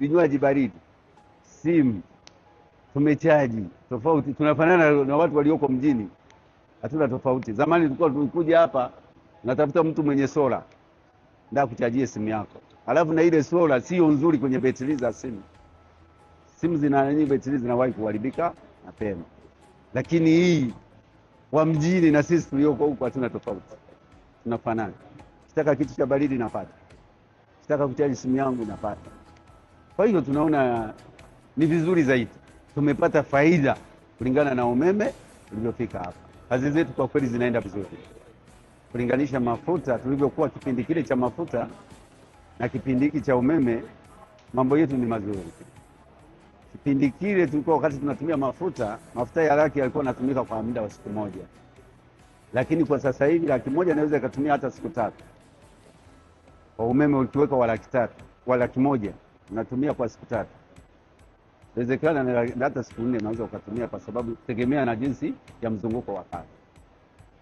vinywaji baridi, simu tumechaji tofauti. Tunafanana na watu walioko mjini, hatuna tofauti. Zamani tulikuwa tulikuja hapa, natafuta mtu mwenye sola nda kuchajie simu yako, alafu na ile sola sio nzuri kwenye betri za simu. Simu zina nini, betri zinawahi kuharibika mapema. Lakini hii wa mjini na sisi tulioko huko hatuna tofauti, tunafanana. Kitaka kitu cha baridi napata, kitaka kuchaji simu yangu napata. Kwa hiyo tunaona ni vizuri zaidi, tumepata faida kulingana na umeme ulivyofika hapa. Kazi zetu kwa kweli zinaenda vizuri kulinganisha mafuta, tulivyokuwa kipindi kile cha mafuta na kipindi hiki cha umeme, mambo yetu ni mazuri. Kipindi kile tulikuwa wakati tunatumia mafuta, mafuta ya laki yalikuwa yanatumika kwa muda wa siku moja, lakini kwa sasa hivi laki moja inaweza ikatumia hata siku tatu. Kwa umeme ukiweka wa laki tatu wa laki moja unatumia kwa siku tatu, wezekana hata siku nne unaweza ukatumia, kwa sababu tegemea na jinsi ya mzunguko wa kazi.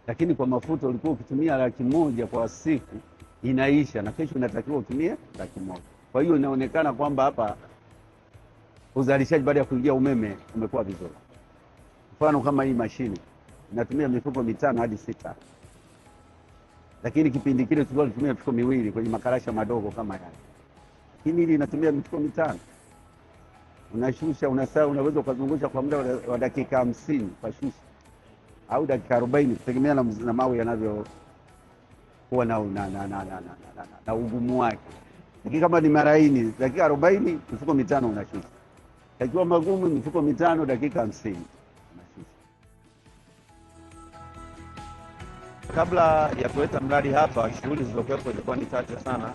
Lakini kwa mafuta ulikuwa ukitumia laki moja kwa siku inaisha, na kesho inatakiwa utumie laki moja. Kwa hiyo inaonekana kwamba hapa uzalishaji baada ya kuingia umeme umekuwa vizuri. Mfano kama hii mashine inatumia mifuko mitano hadi sita, lakini kipindi kile tulikuwa tunatumia mifuko miwili kwenye makarasha madogo kama yale. Hili inatumia mifuko mitano, unashusha unasaa, unaweza ukazungusha kwa muda wa dakika hamsini shusha au dakika arobaini kutegemea na, na mawe yanavyokuwa na, na, na, na, na, na, na ugumu wake. Lakini kama ni maraini, dakika arobaini mifuko mitano unashusha, yakiwa magumu mifuko mitano, dakika hamsini Kabla ya kuleta mradi hapa, shughuli zilizokuwepo ilikuwa ni chache sana,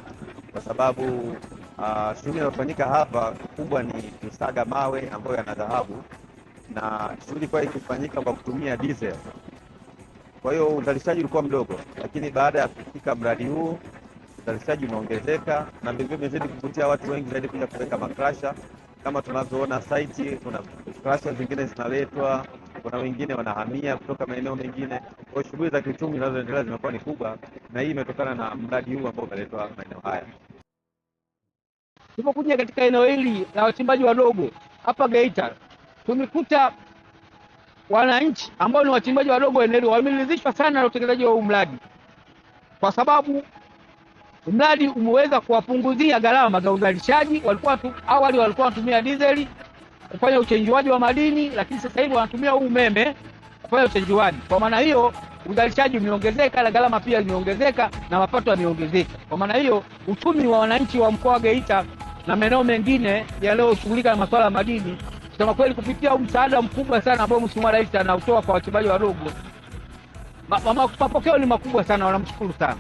kwa sababu Uh, ah, shughuli inayofanyika hapa kubwa ni kusaga mawe ambayo yana dhahabu, na shughuli kwa ikifanyika kwa kutumia diesel. Kwa hiyo uzalishaji ulikuwa mdogo, lakini baada ya kufika mradi huu uzalishaji umeongezeka na vilevile umezidi kuvutia watu wengi zaidi kuja kuweka makrasha. Kama tunavyoona saiti, kuna krasha zingine zinaletwa, kuna wengine wanahamia kutoka maeneo mengine. Kwa shughuli za kiuchumi zinazoendelea zimekuwa ni kubwa, na hii imetokana na mradi huu ambao umeletwa maeneo haya. Tulipokuja katika eneo hili la wachimbaji wadogo hapa Geita, tumekuta wananchi ambao ni wachimbaji wadogo eneo wameridhishwa sana na utekelezaji wa huu mradi, kwa sababu mradi umeweza kuwapunguzia gharama za uzalishaji. Walikuwa tu, awali walikuwa wanatumia dizeli kufanya uchenjuaji wa madini, lakini sasa hivi wanatumia huu umeme kufanya uchenjuaji. Kwa maana hiyo uzalishaji umeongezeka na gharama pia imeongezeka na mapato yameongezeka. Kwa maana hiyo uchumi wa wananchi wa mkoa wa Geita na maeneo mengine yanayoshughulika na masuala ya madini. Kusema kweli, kupitia msaada mkubwa sana ambao Mheshimiwa Rais anautoa kwa wachimbaji wadogo, mapokeo ni makubwa sana, wanamshukuru sana.